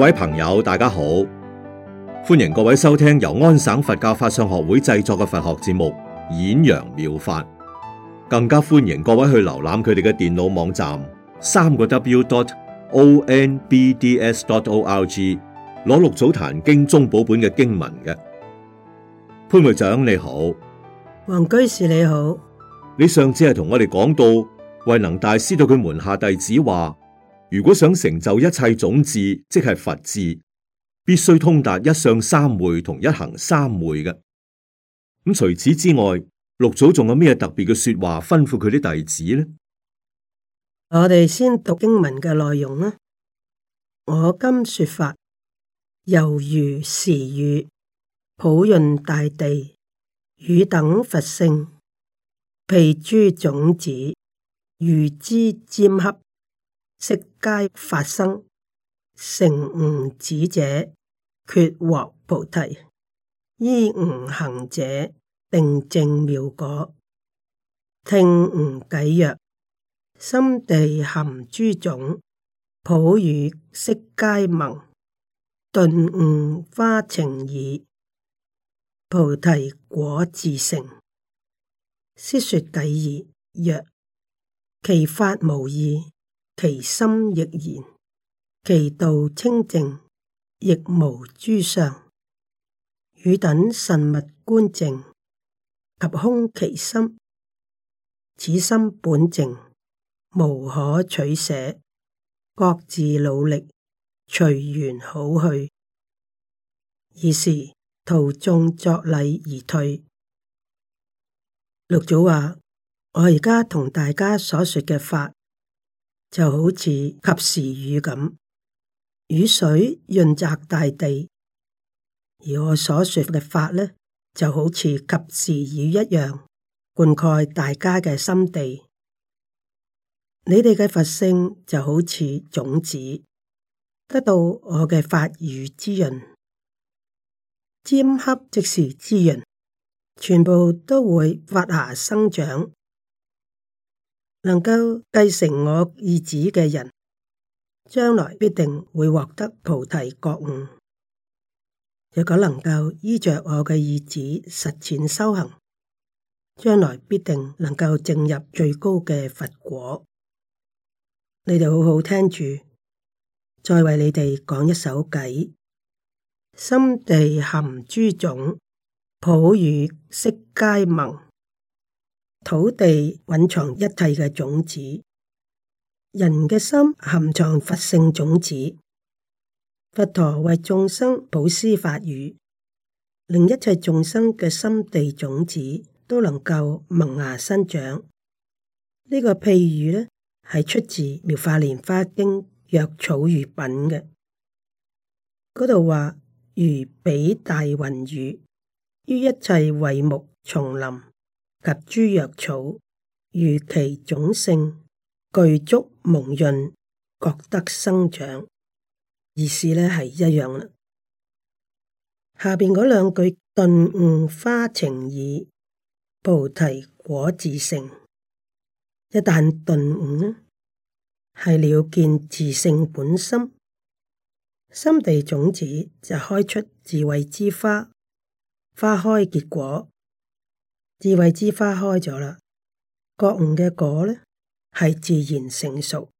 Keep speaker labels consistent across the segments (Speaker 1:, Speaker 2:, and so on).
Speaker 1: 各位朋友，大家好，歡迎各位收聽由安省佛教法相學會製作嘅佛學節目《演揚妙法》，更加歡迎各位去瀏覽佢哋嘅電腦網站三個 w.dot.o.n.b.d.s.dot.o.r.g，攞六祖壇經宗寶本嘅經文嘅。潘會長你好，
Speaker 2: 黃居士你好，
Speaker 1: 你上次係同我哋講到慧能大師對佢門下弟子話。如果想成就一切種智，即係佛智，必須通達一相三昧同一行三昧嘅。咁除此之外，六祖仲有咩特別嘅說話吩咐佢啲弟子呢？
Speaker 2: 我哋先讀經文嘅內容啦。我今說法，猶如時雨普潤大地，汝等佛性，譬諸種子，遇茲霑洽。悉皆發生，承吾旨者，決獲菩提；依吾行者，定證妙果。聽吾偈曰：心地含諸種，普雨悉皆萌；頓悟華情已，菩提果自成。師說偈已，曰：其法無二。其心亦然，其道清淨，亦無諸相。汝等神物觀靜及空其心，此心本靜，無可取捨。各自努力，隨緣好去。於是徒眾作禮而退。六祖話：我而家同大家所說嘅法。就好似及時雨咁，雨水潤澤大地，而我所說嘅法呢，就好似及時雨一樣，灌溉大家嘅心地。你哋嘅佛性就好似種子，得到我嘅法雨滋潤，尖刻即時滋潤，全部都會發芽生長。能夠繼承我意旨嘅人，將來必定會獲得菩提覺悟。若果能夠依着我嘅意旨實踐修行，將來必定能夠證入最高嘅佛果。你哋好好聽住，再為你哋講一首偈：心地含諸種，普雨悉皆萌。土地蘊藏一切嘅種子，人嘅心含藏佛性種子。佛陀為眾生普施法雨，令一切眾生嘅心地種子都能夠萌芽生長。呢、這個譬喻呢，係出自《妙法蓮華經藥草喻品》嘅，嗰度話如彼大雲雨於一切為木叢林，及諸藥草，如其種性具足蒙潤，各得生長，意思呢係一樣啦。下邊嗰兩句頓悟花情已，菩提果自成。一旦頓悟呢，係了見自性本心，心地種子就開出智慧之花，花開結果。智慧之花開咗啦，覺悟嘅果咧係自然成熟。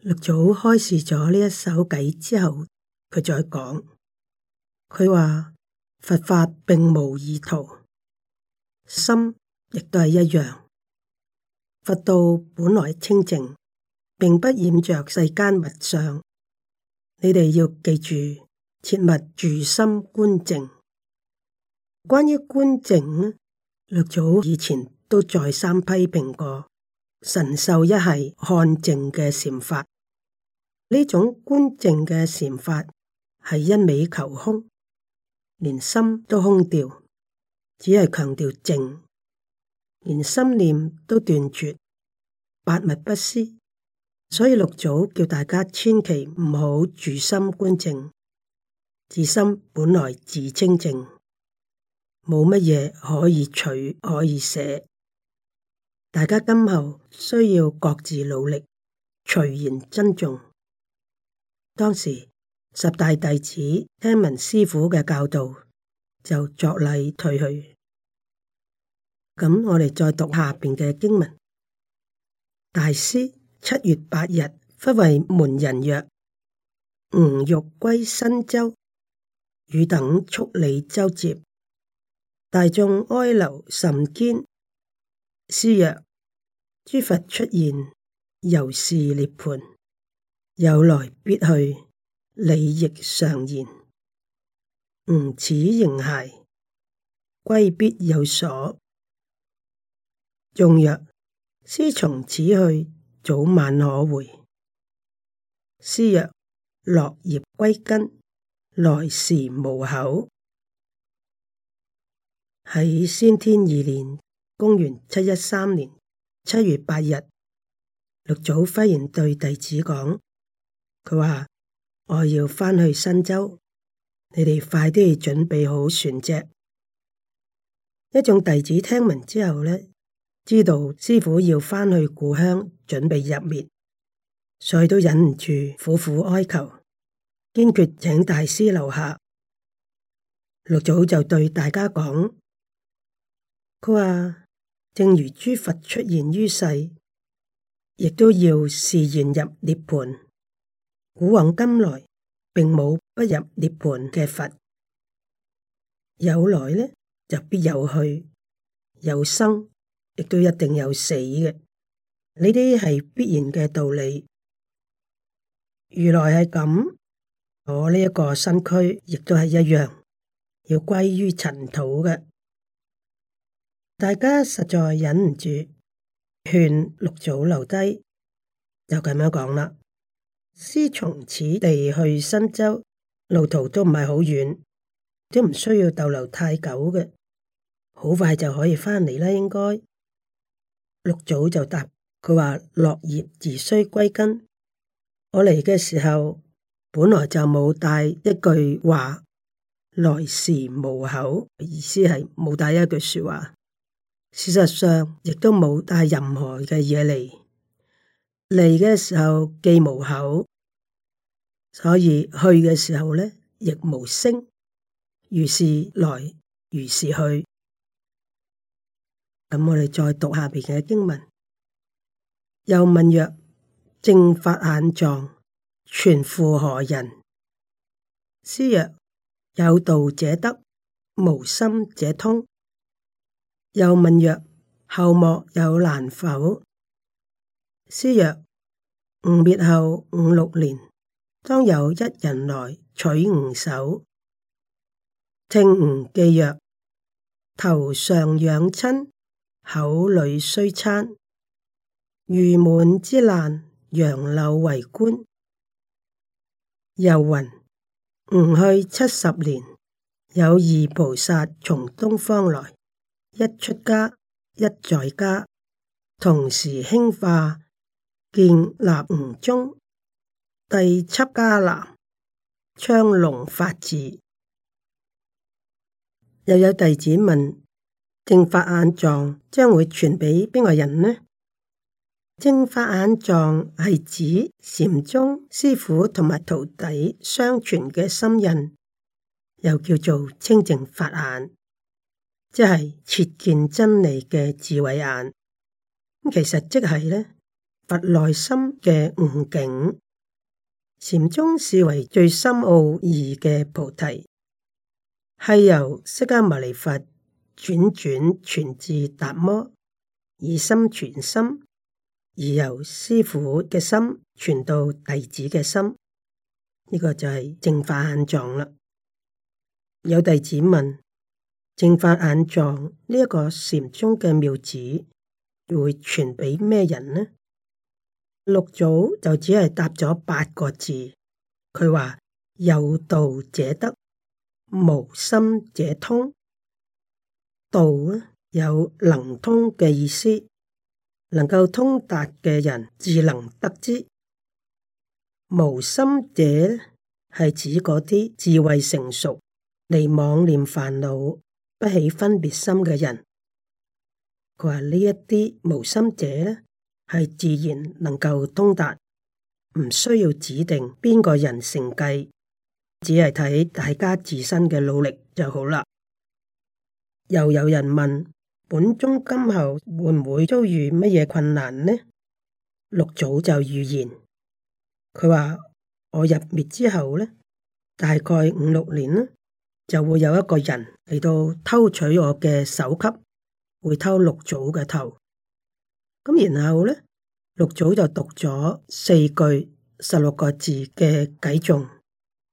Speaker 2: 六祖開示咗呢一首偈之後，佢再講，佢話佛法並無意圖，心亦都係一樣。佛道本來清淨，並不染着世間物相。你哋要記住，切勿住心觀淨。關於觀靜，六祖以前都再三批評過神秀一系看靜嘅禪法。呢種觀靜嘅禪法係一味求空，連心都空掉，只係強調靜，連心念都斷絕，百物不思。所以六祖叫大家千祈唔好住心觀靜，自心本來自清淨。冇乜嘢可以取可以捨，大家今後需要各自努力，隨緣珍重。當時十大弟子聽聞師父嘅教導，就作禮退去。咁我哋再讀下邊嘅經文：大師七月八日忽為門人曰：吾欲歸新州，汝等速理舟楫。大眾哀留甚堅，師曰：諸佛出現，猶是涅槃，有來必去，理亦常然。吾此形骸，歸必有所。眾曰：師從此去，早晚可回。師曰：落葉歸根，來時無口。喺先天二年，公元七一三年七月八日，六祖忽然對弟子講，佢話我要返去新州，你哋快啲去準備好船隻。一眾弟子聽聞之後呢，知道師父要返去故鄉準備入滅，所以都忍唔住苦苦哀求，堅決請大師留下。六祖就對大家講：佢話：正如諸佛出現於世，亦都要示現入涅槃。古往今來，並冇不入涅槃嘅佛。有來呢就必有去；有生，亦都一定有死嘅。呢啲係必然嘅道理。如來係咁，我呢一個身軀亦都係一樣，要歸於塵土嘅。大家實在忍唔住勸六祖留低，就咁樣講啦。師從此地去新州路途都唔係好遠，都唔需要逗留太久嘅，好快就可以翻嚟啦。應該六祖就答佢話：落葉自須歸根。我嚟嘅時候本來就冇帶一句話，來時無口，意思係冇帶一句說話。事實上，亦都冇帶任何嘅嘢嚟。嚟嘅時候既無口，所以去嘅時候咧亦無聲。如是來，如是去。咁我哋再讀下邊嘅經文。又問曰：正法眼藏，傳付何人？師曰：有道者得，無心者通。又問曰：後莫有難否？師曰：吾滅後五六年，當有一人來取吾首。」聽吾記曰：頭上養親，口裏衰餐，魚滿之難，楊柳為官。又云：吾去七十年，有二菩薩從東方來。一出家，一在家，同時興化建立吳中第七伽藍昌隆法寺。又有弟子問：正法眼藏將會傳俾邊個人呢？正法眼藏係指禪宗師父同埋徒弟相傳嘅心印，又叫做清淨法眼。即係切見真理嘅智慧眼，其實即係咧佛內心嘅悟境。禪宗視為最深奧義嘅菩提，係由釋迦牟尼佛轉轉傳至達摩，以心傳心，而由師父嘅心傳到弟子嘅心，呢、這個就係正法眼藏啦。有弟子問。正法眼藏呢一個禪宗嘅妙旨會傳俾咩人呢？六祖就只係答咗八個字，佢話有道者得，無心者通。道啊有能通嘅意思，能夠通達嘅人自能得知。無心者係指嗰啲智慧成熟，離妄念煩惱。不起分別心嘅人，佢話呢一啲無心者咧，係自然能夠通達，唔需要指定邊個人承繼，只係睇大家自身嘅努力就好啦。又有人問：本宗今後會唔會遭遇乜嘢困難呢？六祖就預言，佢話我入滅之後咧，大概五六年啦。就會有一個人嚟到偷取我嘅首級，會偷六祖嘅頭。咁然後咧，六祖就讀咗四句十六個字嘅偈頌，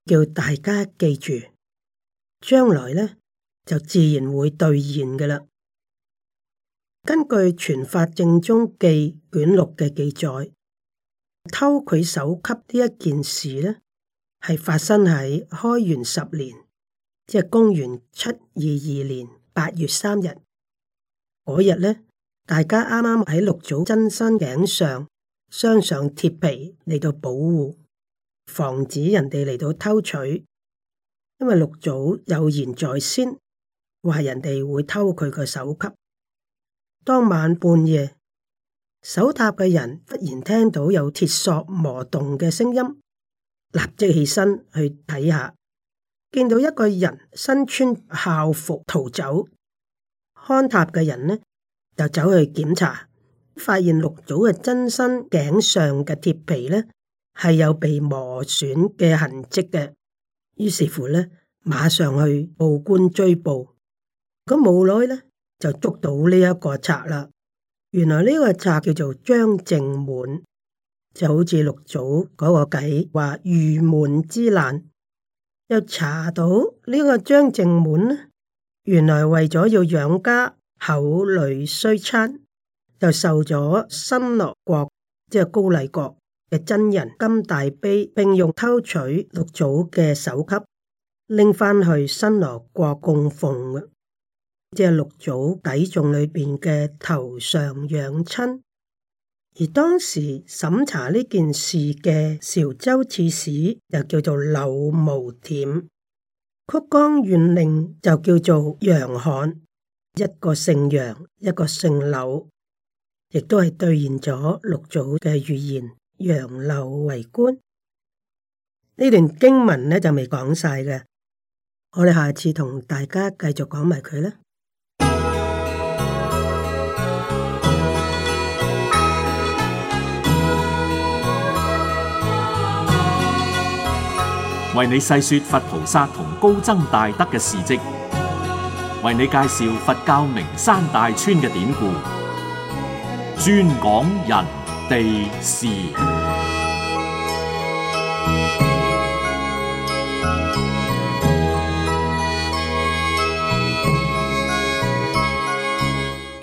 Speaker 2: 叫大家記住，將來咧就自然會兌現㗎喇。根據《傳法正宗記》卷六嘅記載，偷佢首級呢一件事咧，係發生喺開元十年。即係公元七二二年八月三日嗰日咧，大家啱啱喺六祖真身頂上鑲上鐵皮嚟到保護，防止人哋嚟到偷取。因為六祖有言在先，話人哋會偷佢個首級。當晚半夜，守塔嘅人忽然聽到有鐵索磨動嘅聲音，立即起身去睇下。見到一個人身穿校服逃走，看塔嘅人呢就走去檢查，發現六祖嘅真身頸上嘅鐵皮呢係有被磨損嘅痕迹嘅，於是乎呢馬上去報官追捕，咁冇耐呢就捉到呢一個賊啦。原來呢個賊叫做張淨滿，就好似六祖嗰個偈話：遇滿之難。又查到呢個張正滿呢，原來為咗要養家，口累衰親，又受咗新羅國即係高麗國嘅真人金大悲，並用偷取六祖嘅首級，拎返去新羅國供奉嘅，即係六祖偈頌裏邊嘅頭上養親。而當時審查呢件事嘅韶州刺史又叫做柳無忝，曲江縣令就叫做楊罕，一個姓楊，一個姓柳，亦都係兌現咗六祖嘅預言，楊柳為官。呢段經文呢，就未講晒嘅，我哋下次同大家繼續講埋佢啦。
Speaker 1: 為你細說佛菩薩同高僧大德嘅事跡，為你介紹佛教名山大川嘅典故，專講人地事。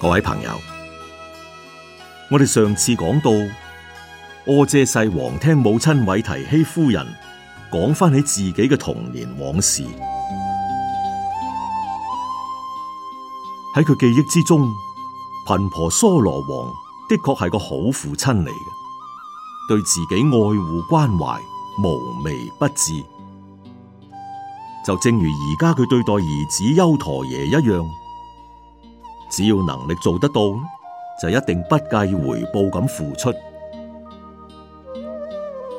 Speaker 1: 各位朋友，我哋上次講到，阿闍世王聽母親韋提希夫人。講翻起自己嘅童年往事，喺佢記憶之中，頻婆娑羅王的確係個好父親嚟嘅，對自己愛護關懷無微不至，就正如而家佢對待兒子優陀耶一樣，只要能力做得到，就一定不計回報咁付出。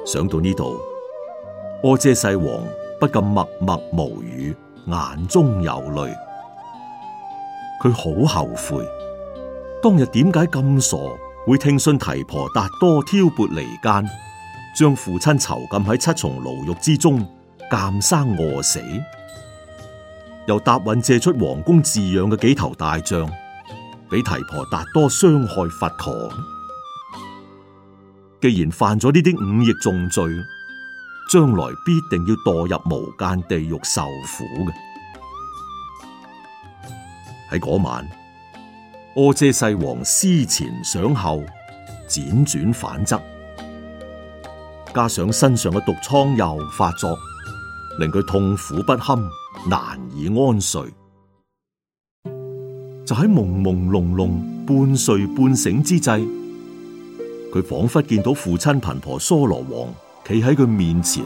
Speaker 1: 想到呢度。阿闍世王不禁默默無語，眼中有淚。佢好後悔，當日點解咁傻，會聽信提婆達多挑撥離間，將父親囚禁喺七重牢獄之中，監生餓死，又答允借出皇宮飼養嘅幾頭大象，俾提婆達多傷害佛陀。既然犯咗呢啲五逆重罪。將來必定要墮入無間地獄受苦嘅。喺嗰晚，阿阇世王思前想後，輾轉反側，加上身上嘅毒瘡又發作，令佢痛苦不堪，難以安睡。就喺朦朦朧朧、半睡半醒之際，佢仿佛見到父親頻婆娑羅王。企喺佢面前，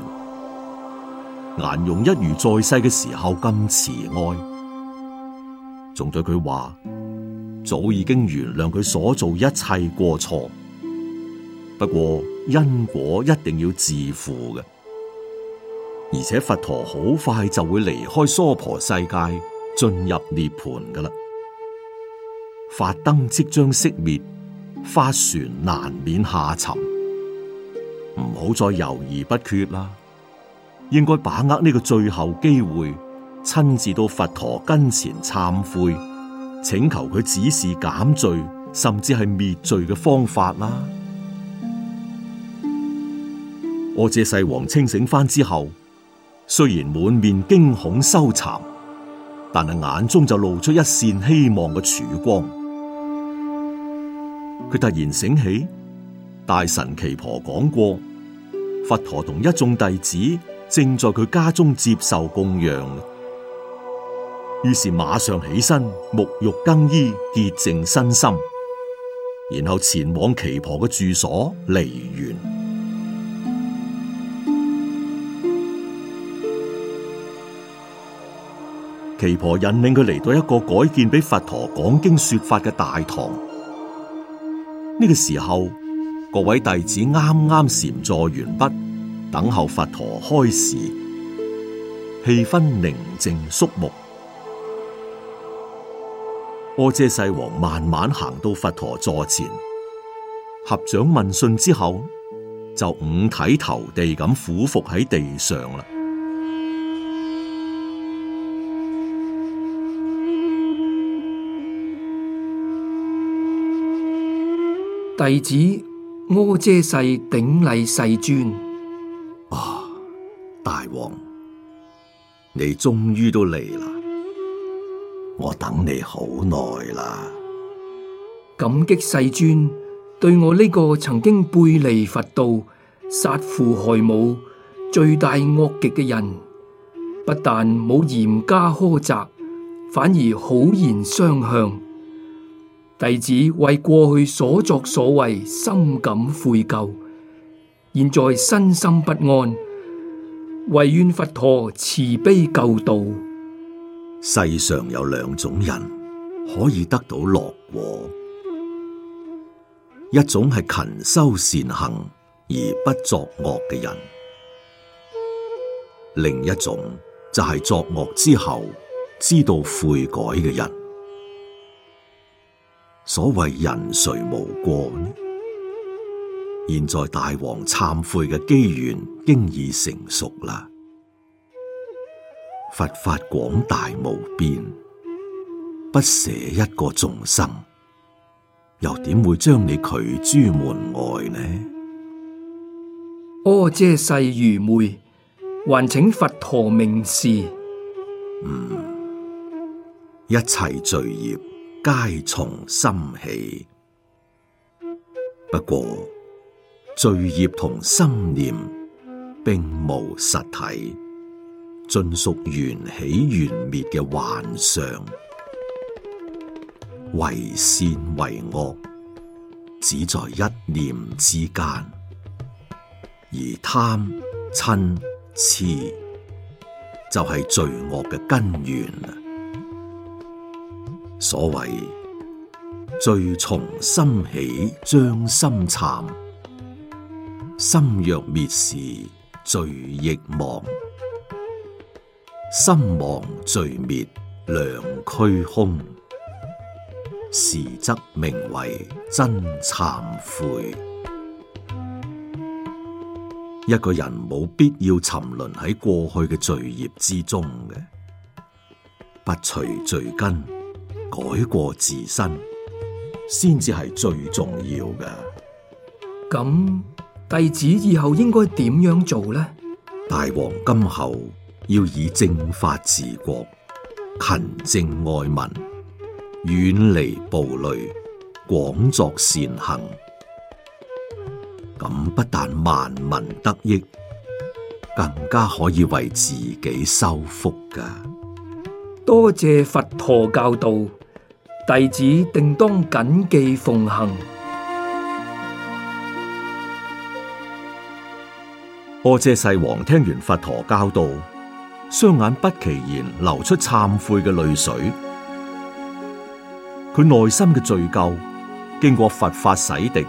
Speaker 1: 顏容一如在世嘅時候咁慈愛，仲對佢話：早已經原諒佢所做一切過錯。不過因果一定要自負嘅，而且佛陀好快就會離開娑婆世界，進入涅槃㗎喇。法燈即將熄滅，法船難免下沉。唔好再猶豫不決啦，應該把握呢個最後機會，親自到佛陀跟前懺悔，請求佢指示減罪，甚至係滅罪嘅方法啦。 阿闍世王清醒翻之後，雖然滿面驚恐羞慚，但係眼中就露出一線希望嘅曙光。佢突然醒起。大神奇婆講過，佛陀同一眾弟子正在佢家中接受供養，於是馬上起身，沐浴更衣，潔淨身心，然後前往奇婆嘅住所離園。奇婆引領佢嚟到一個改建俾佛陀講經說法嘅大堂，呢個時候。各位弟子啱啱禪坐完畢，等候佛陀開示，氣氛寧靜肅穆。阿闍世王慢慢行到佛陀座前，合掌問訊之後，就五體投地咁俯伏喺地上啦。
Speaker 3: 弟子。阿闍世頂禮世尊。啊，大王，你終於都嚟啦！我等你好耐啦，感激世尊對我呢個曾經背離佛道、殺父害母、罪大惡極嘅人，不但冇嚴加苛責，反而好言相向。弟子為過去所作所為，深感悔疚，現在身心不安，唯願佛陀慈悲救度。世上有兩種人可以得到
Speaker 1: 樂果，一種係勤修善行而不作惡嘅人，另一種就係作惡之後知道悔改嘅人。所謂人誰無過呢？現在大王懺悔嘅機緣經已成熟啦。佛法廣大無邊，不捨一個眾
Speaker 3: 生，又點會將你拒諸門外呢？哦，闍世愚昧，還請佛陀明示。嗯，一切罪業。皆
Speaker 1: 從心起，不過罪孽同心念並無實體，盡屬緣起緣滅嘅幻相。為善為惡，只在一念之間，而貪嗔癡就係罪惡嘅根源。所謂罪從心起，將心懺；心若滅時，罪亦亡；心亡滅，罪滅，兩俱空；時則名為真懺悔。一個人冇必要沉淪喺過去嘅罪孽之中嘅，不除罪根。改過自身，先至係最重要嘅。咁
Speaker 3: 弟子以後應該點樣做呢？
Speaker 1: 大王今後要以正法治國，勤政愛民，遠離暴戾，廣作善行。咁不但萬民得益，更加可以為自己修
Speaker 3: 福噶。多謝佛陀教導，弟子定當謹記奉行。
Speaker 1: 阿闍世王聽完佛陀教導，雙眼不其然流出懺悔嘅淚水。佢內心嘅罪疚，經過佛法洗滌，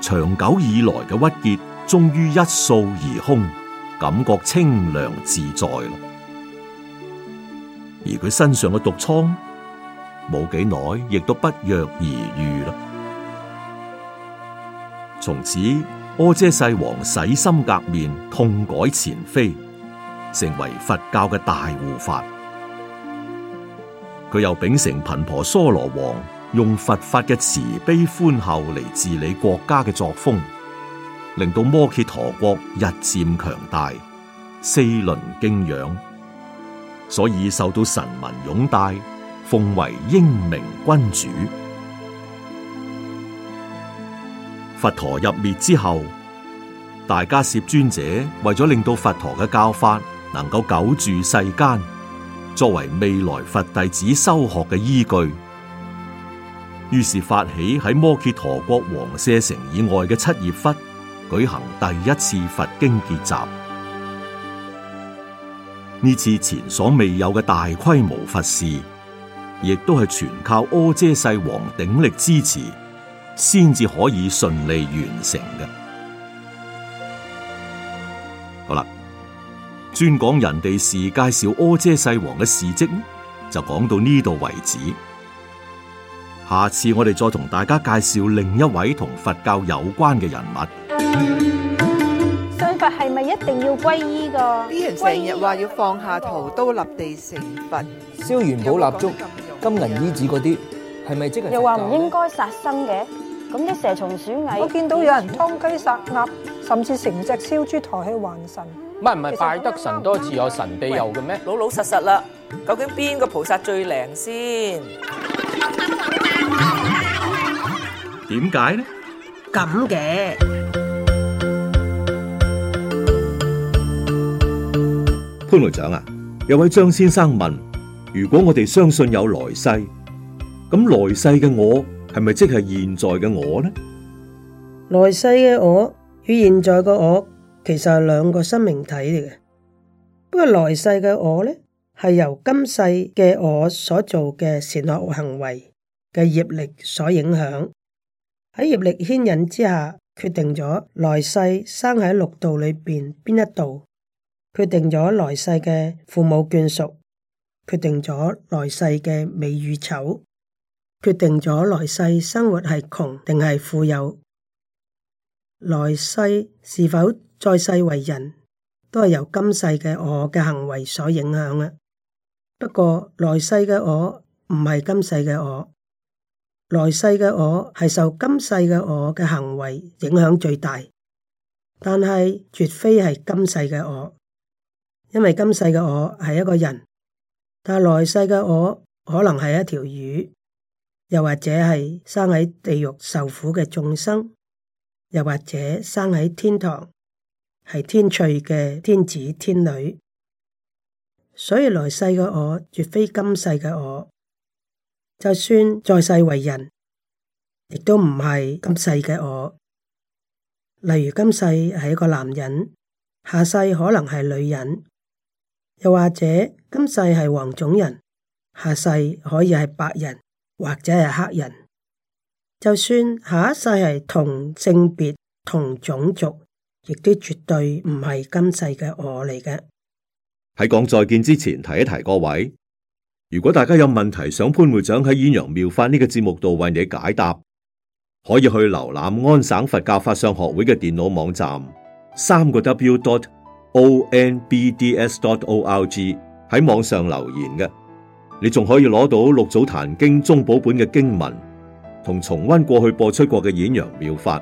Speaker 1: 長久以來嘅鬱結，終於一掃而空，感覺清涼自在啦。而佢身上嘅毒瘡冇幾耐，亦都不藥而愈啦。從此，阿闍世王洗心革面，痛改前非，成為佛教嘅大護法。佢又秉承頻婆娑羅王用佛法嘅慈悲寬厚嚟治理國家嘅作風，令到摩揭陀國日漸強大，四鄰敬仰。所以受到臣民擁戴，奉為英明君主。佛陀入滅之後，大迦葉尊者為咗令到佛陀嘅教法能夠久住世間，作為未來佛弟子修學嘅依據，於是發起喺摩揭陀國王舍城以外嘅七葉窟舉行第一次佛經結集。呢次前所未有嘅大規模佛事，亦都係全靠阿闍世王鼎力支持，先至可以順利完成嘅。好啦，專講人哋事，介紹阿闍世王嘅事跡，就講到呢度為止。下次我哋再同大家介紹另一位同佛教有關嘅人物。
Speaker 3: 係咪一定要皈依㗎？啲人成日話要放下屠刀立地成佛，燒元寶蠟燭、金銀衣紙嗰啲，係咪即係？又話唔應
Speaker 2: 該殺生嘅，咁啲蛇蟲鼠蟻，我見到有人劏雞殺鴨，
Speaker 3: 甚至成隻燒豬抬去還神。唔係唔係，拜得神多自有神庇佑嘅咩？老老實實啦，究竟邊個菩薩最靈先？
Speaker 1: 點解呢？
Speaker 2: 咁嘅。
Speaker 1: 般來講啊，有位張先生問：如果我哋相信有來世，咁來世嘅我係咪即係現在嘅我呢？
Speaker 2: 來世嘅我與現在嘅我其實係兩個生命體嚟嘅。不過來世嘅我呢，係由今世嘅我所做嘅善惡行為嘅業力所影響，喺業力牽引之下，決定咗來世生喺六道裏邊邊一度。決定咗來世嘅父母眷屬，決定咗來世嘅美與醜，決定咗來世生活係窮定係富有，來世是否再世為人，都係由今世嘅我嘅行為所影響啊。不過來世嘅我唔係今世嘅我，來世嘅我係受今世嘅我嘅行為影響最大，但係絕非係今世嘅我。因為今世嘅我係一個人，但係來世嘅我可能係一條魚，又或者係生喺地獄受苦嘅眾生，又或者生喺天堂，係天趣嘅天子天女。所以來世嘅我絕非今世嘅我，就算再世為人，亦都唔係今世嘅我。例如今世係一個男人，下世可能係女人。又或者今世係黃種人，下世可以係白人或者係黑人。就算下一世係同性別、同種族，亦都絕對唔係今世嘅我嚟嘅。
Speaker 1: 喺講再見之前，提一提各位，如果大家有問題想潘會長喺《鴛鴦妙法》呢個節目度為你解答，可以去瀏覽安省佛教法相學會嘅電腦網站，三個 W dot。O N B D S dot O R G 喺網上留言嘅。你仲可以攞到六祖壇經中寶本嘅經文，同重溫過去播出過嘅演揚妙法。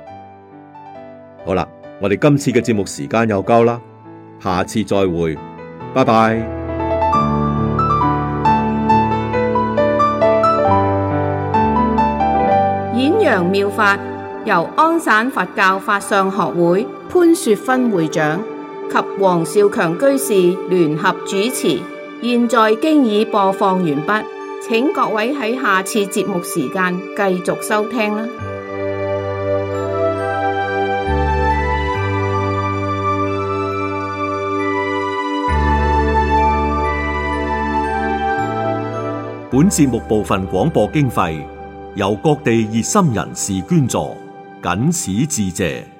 Speaker 1: 好啦，我哋今次嘅節目時間又夠啦，下次再會，拜拜。
Speaker 3: 演揚妙法由安省佛教法相學會潘雪芬會長。及黃少強居士聯合主持，現在經已播放完畢，請各位喺下次節目時間繼續收聽啦。
Speaker 1: 本節目部分廣播經費由各地熱心人士捐助，僅此致謝。